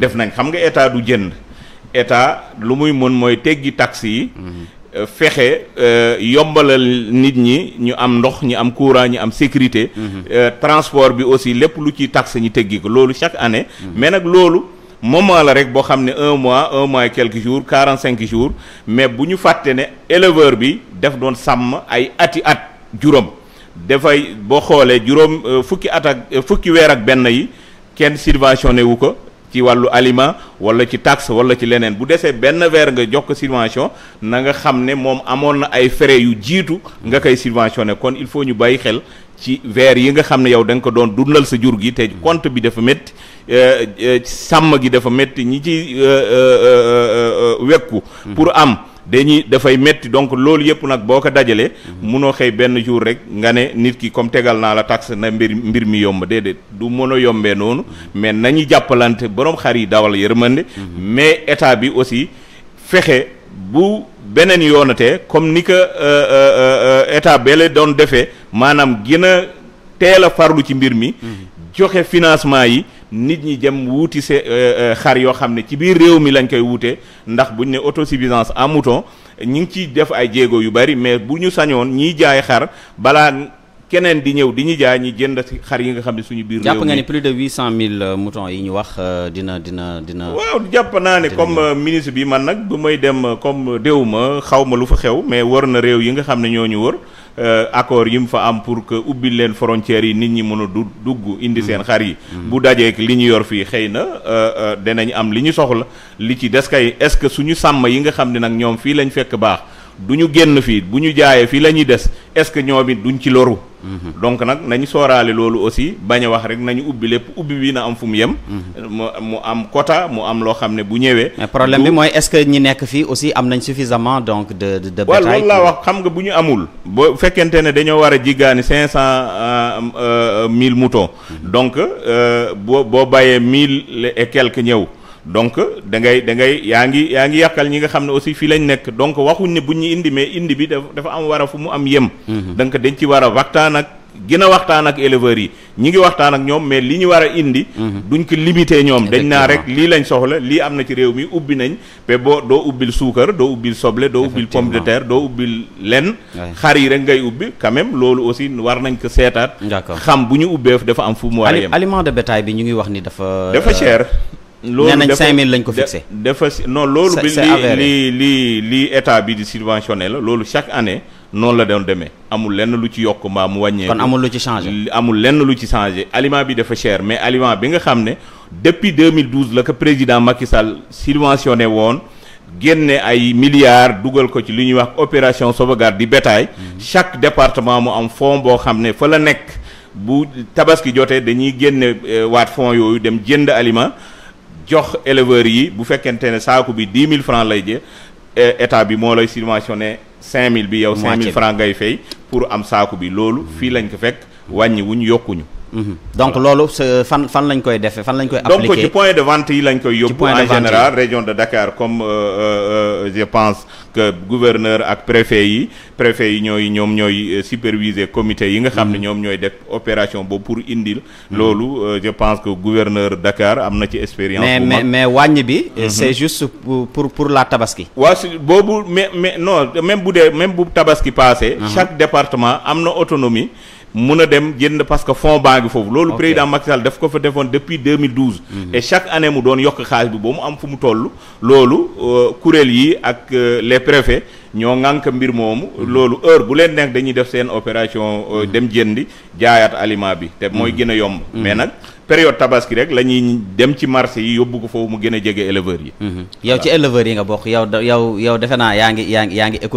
def nañ xam nga état du jënd état lu muy mën mooy teggi taxes yi. Mhm. fexe euh, yombalal nit ñi ñu am ndox ñu am courant ñu am sécurité. Mhm. Euh, transport bi aussi lépp lu ciy taxe ñu teggi ko loolu chaque année. Mhm. mais nag loolu moment la rek boo xam ne un mois un mois et jour quarant cinq jours mais bu ñu fàtte ne éleveur bi def doon sàmm ay ati at juróom dafay boo xoolee juróom euh, fukki at ak fukki weer ak benn yi kenn subventionné wu ko. ci wàllu aliment wala ci taxe wala ci leneen bu desee benn weer nga jox ko subvention na nga xam ne moom amoon na ay frais yu jiitu nga koy ne kon il faut ñu bàyyi xel ci veer yi nga xam ne yow da nga ko doon dundal sa jur gi te compte bi dafa métti euh, euh, sàmm gi dafa métti ñi ci euh, wekku pour am dañuy dafay metti donc loolu yëpp nag boo ko dajalee mhm. munoo xëy benn jour rek nga ne nit ki comme tegal naa la taxe na mbir mbir mi yomb déedéet du mën yombee noonu mhm. mais nañu jàppalante borom xar yi dawal yërmande mhm. mais état bi aussi fexe bu beneen yoonatee comme ni ko euh, euh, euh, état bele doon defee maanaam gën a teel a farlu ci mbir mi joxe financement yi nit ñi dem wuuti se euh, euh, xar yoo xam ne ci biir réew mi lañ koy wuute ndax bu ñu ne auto suffisance en mouton ñi ngi ciy def ay jéego yu bari mais bu ñu sañoon ñiy jaay xar balaa keneen di ñëw di ñu jaay ñi jënd ci xar yi nga xam ne suñu biir réew mi jàpp nga ni plus de huit cent mille euh, moutons yi ñu wax dina dina dina. waaw jàpp naa ne comme ministre bi man nag bu may dem comme déew ma xaw ma lu fa xew mais wër na réew yi nga xam ne ñoo ñu wër. Euh, accord yi mu fa am pour que ubbi leen frontières yi nit ñi mën a du dugg indi mm-hmm. seen xar yi mm-hmm. bu dajeek li ñu yor fii xëy na euh, euh, danañ am li ñu soxla li ci des kay est-ce que suñu sàmm yi nga xam ne nag ñoom fii lañ fekk baax du ñu génn fii bu ñu jaayee fii la ñuy des est-ce que ñoom it duñ ci loru. Mhm. donc nag nañu sooraale loolu aussi bañ a wax rek nañu ubbi lépp ubbi bi na am fu mu yem. Mhm. mu mu am quota mu am loo xam ne bu ñëwee. problème bi mooy est-ce que ñi nekk fii aussi am nañ suffisamment donc de de de. bétail loolu laa wax xam nga bu ñu amul. boo fekkente ne dañoo war a jiggaani cinq cent euh, euh, mille moutons. Mhm. donc euh, boo boo bàyyee mille et quelques ñëw. donc da ngay da ngay yaa ngi yaa ngi yàqal ñi nga xam ne aussi fii lañ nekk donc waxuñ ne bu ñu indi mais indi bi dafa am war a fu mu am yem mhm. donc dañ ci war a waxtaan ak gën a waxtaan ak éleveurs yi ñu ngi waxtaan ak ñoom mais li ñu war a indi mhm. duñ ko limité ñoom dañ naa rek lii lañ soxla lii am na ci réew mi ubbi nañ mais boo doo ubbil suukar doo ubbil soble doo ubbil pomme de terre doo ubbil len xar yi rek ngay ubbi quand même loolu aussi war nañ ko seetaat xam bu ñu ubbeef dafa am fu mu war a de bétail bi ñu ngi wax ni dafa dafa loolu nee nañ 5000 lañ ko fixé. non loolu. bi li li li état bi di la chaque année non la doon demé amul lenn lu ci yok ma mu wagné kon amul lu ci changer amul lenn lu ci changer aliment bi dafa cher mais aliment bi nga xamné depuis 2012 le ko président Macky Sall subventionné won génne ay milliards dougal ko ci li wax opération sauvegarde du bétail mm-hmm. chaque département mu am fonds bo xamné fa la nek bu tabaski joté dañuy génne euh, waat fonds yoyu dem jënd aliment jox éleveurs yi bu fekkente ne saaku bi dix mille francs lay jë état bi moo lay subventionné cinq mille bi yow cinq mille francs ngay fay pour am saaku bi loolu fii lañ ko fekk wàññi wuñ yokkuñu Mhm. donc loolu euh, fan fan lañ koy fan donc du point de vente yi lañ koy en général région de Dakar comme euh, euh, je pense que gouverneur ak préfet Le préfet yi ont supervisé le comité Ils nga fait des opérations pour indil mhm. je pense que gouverneur Dakar a une expérience mais mais mais mhm. c'est juste pour pour la tabaski Oui, si boobu mais mais non même même bou tabaski chaque département a une autonomie mun a dem jënd parce que fond baa ngi foofu. loolu président Macky Sall daf ko fa defoon depuis 2012. Mhm. et chaque année mu doon yokk xaalis bi ba mu am fu mu toll. loolu euh, kuréel yi ak euh, les préfets ñoo ŋànk mbir moomu. Mhm. loolu heure bu leen nekk dañuy def seen opération euh, mhm. dem jëndi jaayaat aliment bi. te mooy gën a yomb. mais nag période tabaski rek la ñuy dem ci marché yi yóbbu ko foofu mu gën a jege éleveurs yi. yow ci éleveurs yi nga bokk yow yow yow defe naa yaa ngi yaa ngi yaa